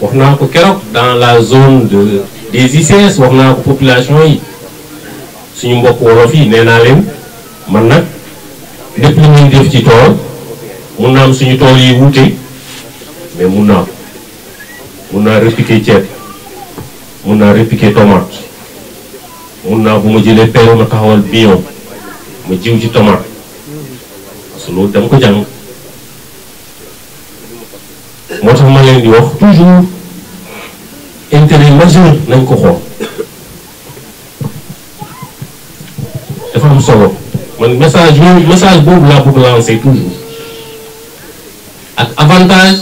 wax naa ko keroog dans la zone de des ICS wax naa ko population yi suñu mbokk wolof yi nee naa leen man nag lépp lu ñuy def ci tool mun naa am suñu tool yi wuute mais mun naa mun naa répliquer ceeb mun naa répliquer tomate mun naa bu ma jëlee peew ma taxawal bion ma jëw ci tomate parce loolu dama ko jàng. moo tax ma leen di wax toujours intérêt majeur nañ ko xool dafa am solo man message yooyu message boobu laa bëgg lancer toujours ak avantage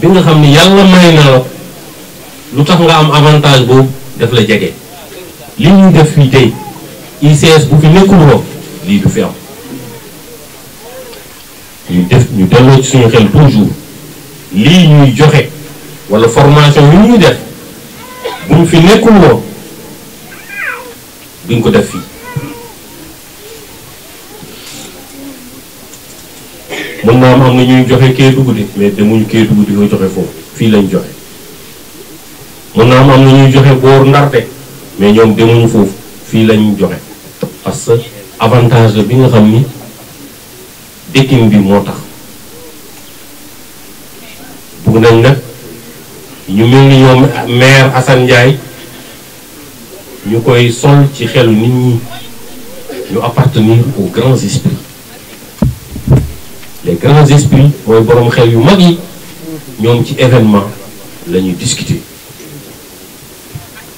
bi nga xam ni yàlla may na la lu tax nga am avantage boobu def la jege li ñuy def fii tey ICS bu fi nekkul woon lii du fi am ñu def ñu delloo ci suñu xel toujours. lii ñuy joxe wala formation yi ñuy def bu mu fi nekkul woon duñ ko def fii mën naa am am na ñuy joxe Kédougou di mais demuñu Kédougou di ko joxe foofu fii lañ joxe mën naa am am na ñuy joxe boor ndarte mais ñoom demuñu foofu fii lañu joxe parce avantage bi nga xam ni dëkkin bi moo tax bëgg nañ nag ñu mel ni ñoom maire Assane ñu koy sol ci xel nit ñi ñu appartenir aux grands esprits les grands esprits mooy borom xel yu mag yi ñoom ci événement lañuy ñuy discuter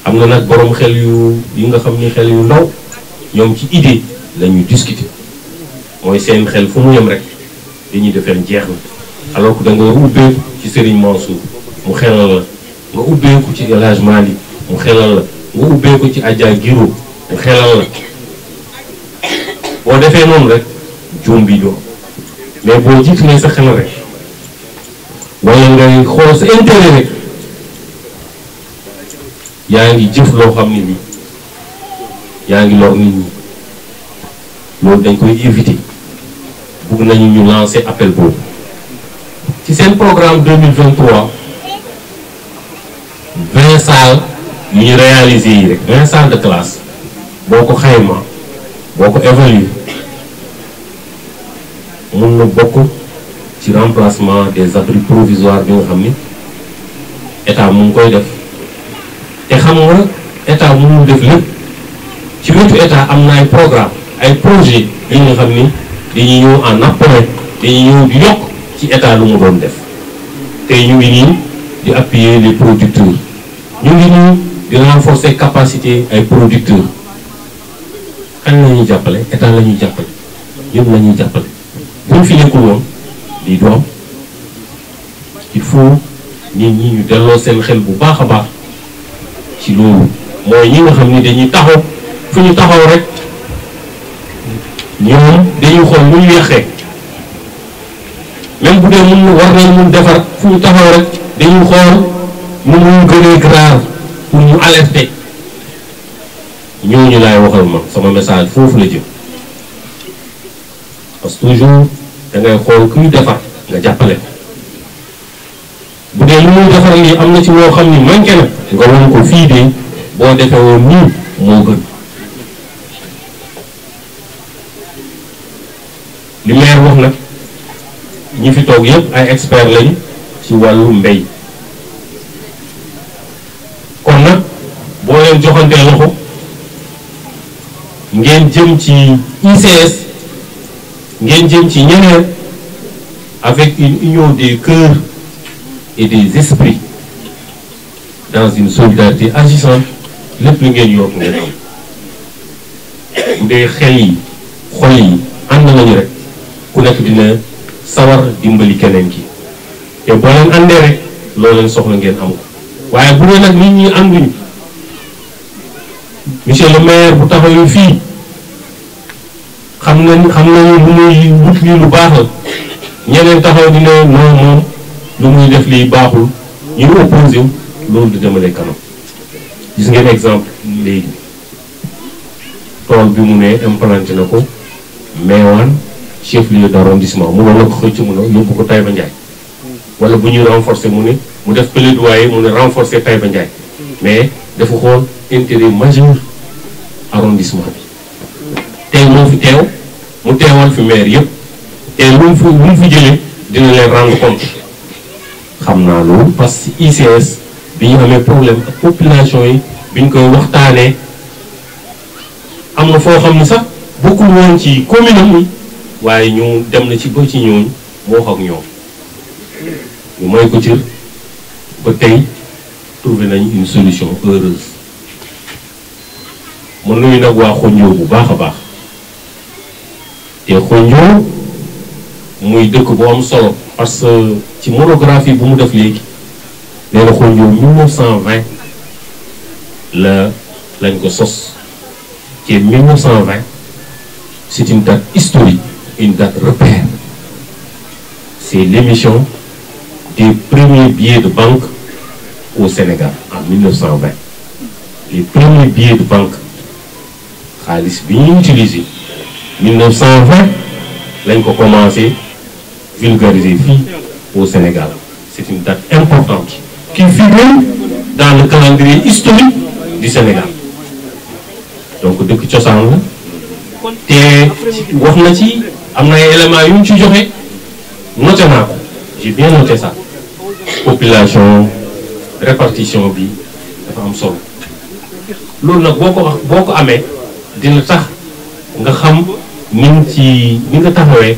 am na nag boroom xel yu yi nga xam ni xel yu ndaw ñoom ci idée lañuy ñuy discuter mooy seen xel fu mu yem rek li ñuy defee jeex na. alors que da nga ubbeeku ci Serigne Mansour mu xelal la nga ubbeeku ci El Hadj mu xelal la nga ubbeeku ci Adja Giro mu xelal la boo defee noonu rek juum bi doom mais boo jiitalee sa xel rek wala ngay xool sa intérêt yaa ngi jëf loo xam ne nii yaa ngi lor nit ñi loolu dañ koy éviter bugg nañu ñu lancer appel boobu. ci seen programme 2023 vingt salles yu ñu réalisé yi rek vingt de classe boo ko xayma boo ko évalue mun na bokk ci remplacement des abris provisoires bi nga xam ni état mu ngi koy def te xam nga état mënul def lépp ci wetu état am na ay programme ay projet yi nga xam ni dañuy ñëw en apport dañuy ñëw di yokk ci état lu mu doon def tey ñu ngi nii di appuyer les producteurs ñu ngi nii di renforcer capacité ay producteurs kañ la ñuy jàppale état la ñuy jàppale ñëpp la ñuy jàppale buñ fi nekkul woon lii du am il nit ñi ñu delloo seen xel bu baax a baax ci loolu mooy ñi nga xam ni dañuy taxaw fu ñu taxaw rek ñoom dañuy xool lu ñu yàqee même bu dee mun war nañ mun defar fu ñu taxaw rek dañu xool mu mu gënee grave pour ñu alerter ñooñu laay waxal man sama message foofu la jëm parce que toujours da ngay xool kuy defar nga jàppale bu dee lu muy defar lii am na ci loo xam ni manqué na nga won ko fii de boo defee woon nii moo gën li wax nag ñi fi toog yëpp ay expert lañ ci wàllu mbéy kon nag boo leen joxante loxo ngeen jëm ci ICS ngeen jëm ci ñeneen avec une union des cœurs et des esprits dans une solidarité agissante lépp lu ngeen yokk ngeen am bu dee xel yi xol yi ànd nañu rek ku nekk dina sawar dimbali keneen ki te boo leen àndee rek soxla ngeen am ko waaye bu dee nag nit ñi ànduñu monsieur le maire bu taxawee fii xam nañ xam nañu lu muy wut lii lu baax la ñeneen taxaw di ne non moom lu muy def lii baaxul ñu opposé wu loolu du demale kanam gis ngeen exemple léegi tool bi mu ne implanté na ko meewaan chef lieu d'arrondissement mënoon na ko xëcc mu ne yóbbu ko Taïba Ndiaye wala bu ñuy renforcer mu ne mu def plaidoyer mu ne renforcer Taïba Ndiaye mais dafa xool intérêt majeur arrondissement bi moo fi teew mu teewal fi maire yëpp te lu mu fi lu dina leen rendre compte xam naa loolu parce que ICS bi ñu amee problème ak population yi bi ñu koy waxtaanee am na foo xam ne sax bokkul woon ci commune am waaye ñu dem na ci ba ci ñooñ mu wax ak ñoom ñu may ko cër ba tey trouvé nañ une solution heureuse mën nañu nag waa xonjoo bu baax a baax te xonjoo muy dëkk bu am solo parce que ci monographie bu mu def léegi nee na xonjoo 1920 la lañ ko sos te 1920 c'est une date historique une date repère. C'est l'émission des premiers billets de banque au Sénégal en 1920. Les premiers billets de banque xaalis bi ñuy utilisé 1920 ko commencé vulgariser fii au Sénégal c'est une date importante qui figure dans le calendrier historique du Sénégal donc dëkk cosaan te wax na ci am na ay éléments yu mu ci joxe noté naa ko j'ai bien noté ça population répartition bi dafa am solo loolu nag boo ko boo ko amee dina tax nga xam ñun ci ñi nga taxawee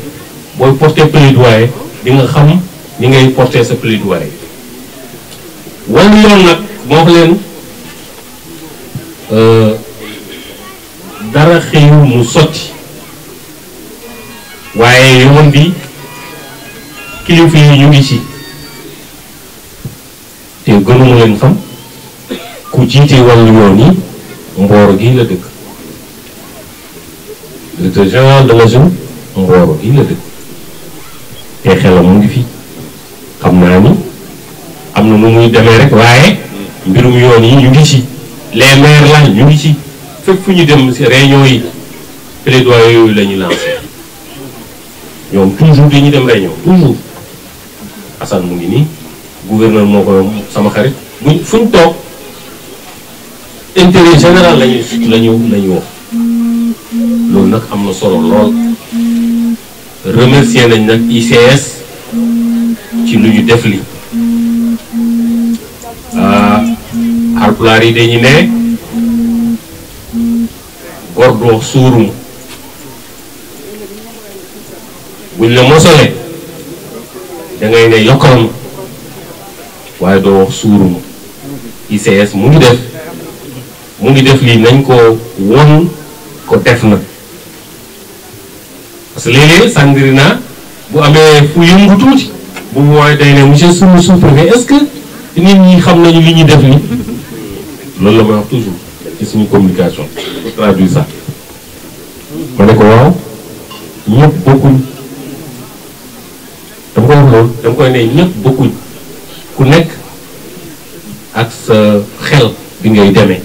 booy porter plaidoyer di nga xam ni ngay porter sa plaidoyer wàllu yoon nag moo wax leen euh, dara xëyu mu sotti waaye yoon bi kilifa yi ñu ngi ci te gënuma leen xam ku jiite wàllu yoon yi mboor gi la dëkk directeur général de la zone mboor gi la dëkk te xelam mu ngi fi xam naa ni am na nu muy demee rek waaye mbirum yoon yi ñu ngi ci les maires ñu ngi ci fépp fu ñu dem ci réunion yi plaidoyer yooyu la ñu lancé ñoom toujours dañuy dem réunion toujours Assane mu ngi nii gouverneur moo ko sama xarit buñ fuñ toog intérêt général lañuy lañu lañu wax loolu nag am na solo lool remercier nañ nag ICS ci lu ñu def li ah, alpulaar yi dañu ne gordo suurum buñ la mosalee da ngay ne yokkal ma waaye doo wax suuruma ICS mu ngi def mu ngi def lii nañ ko won ko def na parce que léeg-léeg sàngri naa bu amee fu yëngu tuuti bu mooy day ne monsieur sunu sous-préfet est-ce que nit ñi xam nañu li ñuy def nii loolu la may wax toujours ci suñu communication traduit ça ma ne ko waaw ñëpp bokkuñ loolu dama koy ne ñëpp bokkuñ ku nekk ak sa xel bi ngay demee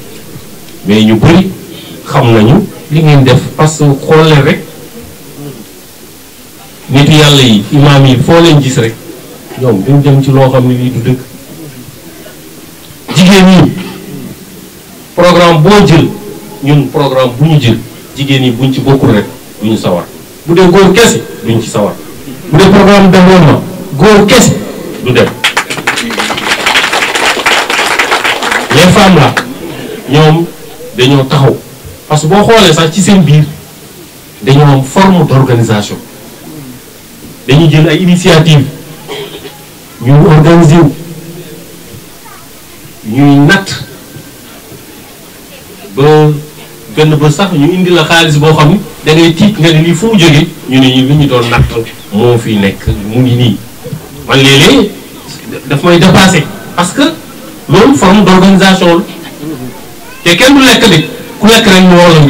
mais ñu bëri xam nañu li ngeen def parce que xool leen rek nit yàlla yi imaam yi foo leen gis rek ñoom dañ jëm ci loo xam ne lii du dëkk jigéen ñi programme boo jël ñun programme bu ñu jël jigéen ñi buñ ci bokkul rek duñu sawar bu dee góor kese duñ ci sawar bu dee programme développement góor kese du dem les femmes là ñoom dañoo taxaw parce que boo xoolee sax ci seen biir dañoo am forme d'organisation dañuy jël ay initiative ñu organiser ñuy natt ba benn ba sax ñu indi la xaalis boo xam ni da ngay nga ne lii fu mu jógee ñu ne ñu li ñu doon natt moo fi nekk mu ngi nii. man léeg-léeg daf may dépassé parce que loolu forme d'organisation la te kenn du lekk nit ku lekk rek mu war la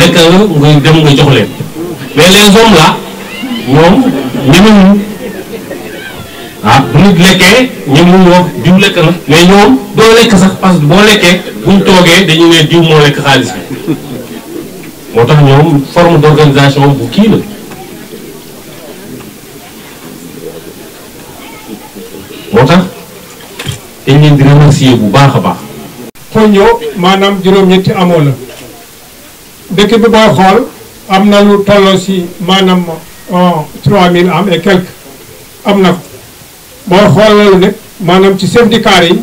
lekk nga dem nga jox leen mais les hommes là moom ñemewuñu ah bu nit lekkee ñemewuñu wax diw lekk na mais ñoom doo lekk sax parce boo lekkee buñ toogee dañu ne diw moo lekk xaalis bi moo tax ñoom forme d'organisation bu kii la. moo tax dañ leen di remercier bu baax a baax. Koño maanaam juróom-ñetti amoo la dëkk bi booy xool am na lu tolloo si maanaam euh, trois mille am et quelque am na ko xool loolu nag maanaam ci chef de carré yi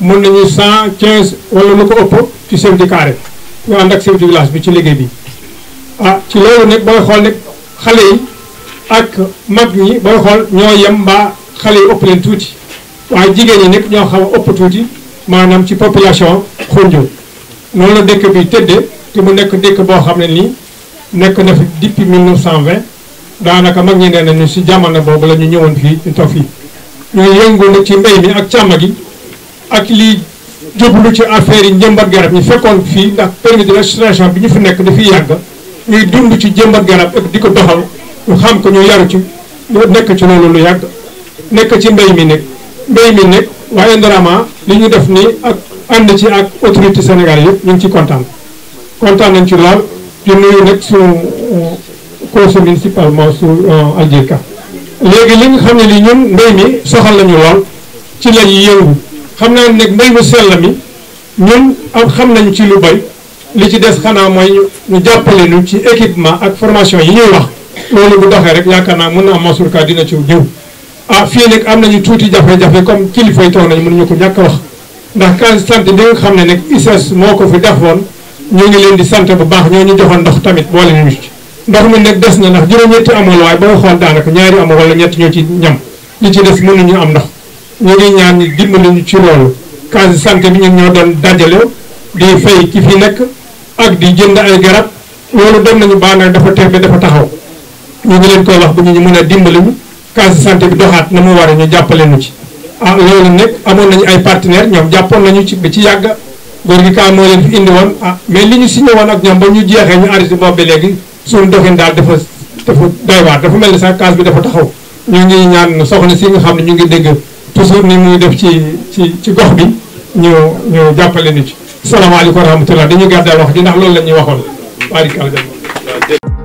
mën nañu cent quinze wala lu ko ëpp ci chef de carré ñu ànd ak chef de village bi ci liggéey bi ah ci loolu nag booy xool nag xale yi ak mag ñi booy xool ñoo yem mbaa xale yi ëpp leen tuuti. waaye jigéen ñi nag ñoo xaw a ëpp tuuti maanaam ci population Xunju noonu la dëkk bi tëddee te mu nekk dëkk boo xam ne nii nekk na fi depuis 1920 daanaka mag ñi nee nañu si jamono boobu la ñu ñëwoon fii ñu toog fii ñu yëngu ci mbéy mi ak càmm gi ak lii jublu ci affaire yi njëmbat garab ñi fekkoon fii ndax permis de bi ñu fi nekk dafiy yàgg ñuy dund ci jëmbat garab ak di ko doxal ñu xam ko ñu yaru ci nekk ci loolu lu yàgg nekk ci mbéy mi nekk mbéy mi nag waa Indorama li ñu def nii ak ànd ci ak autorité Sénégal yëpp ñu ngi ci kontaan kontaan nañ ci lool di nuyu nag suñu uh, conseil municipal su su uh, Aljeka léegi li nga xam ne li ñun mbéy mi soxal nañu lool ci la ñuy yëngu xam naa nag mbéy mu sell mi ñun am xam nañ ci lu bay li ci des xanaa mooy ñu jàppale ñu ci équipement ak formation yi ñuy wax loolu bu doxee rek yaakaar naa mën na am Mansour dina ci jëw ah fii nag am nañu tuuti jafe-jafe comme kilifa yi toog nañu mënuñu ko ñàkk wax ndax case santé bi nga xam ne nag ICS moo ko fi defoon ñu ngi leen di sante bu baax ñoo ñu joxoon ndox tamit boole nañu ci ndox des na ndax juróom-ñetti amul waaye ba nga xool daanaka ñaari amul wala ñett ñoo ci ñam ñi ci des mënuñu am ndox ñu ngi ñaan ñu dimbali ñu ci loolu case santé bi ñu ñoo doon dajale di fay ci fi nekk ak di jënd ay garab woolu dem nañu baax nag dafa teew dafa taxaw ñu ngi leen koy wax bu ñu mën a dimbali case santé bi doxaat na mu war a ñu jàppale nu ci ah loolu nag amoon nañu ay partenaires ñoom jàppoon nañu ci ba ci yàgg góor gi kaa moo leen fi indi woon ah mais li ñu signé woon ak ñoom ba ñu jeexee ñu arrêté boobu ba léegi suñu doxin daal dafa dafa doy waar dafa mel ni sax case bi dafa taxaw ñu ngi ñaan soxna si nga xam ne ñu ngi dégg toujours ni muy def ci ci ci gox bi ñu ñu jàppaleenu jàppale nu ci salaamaaleykum wa rahmatullah dañuy gàddaal wax ji ndax loolu la ñuy waxoon barikal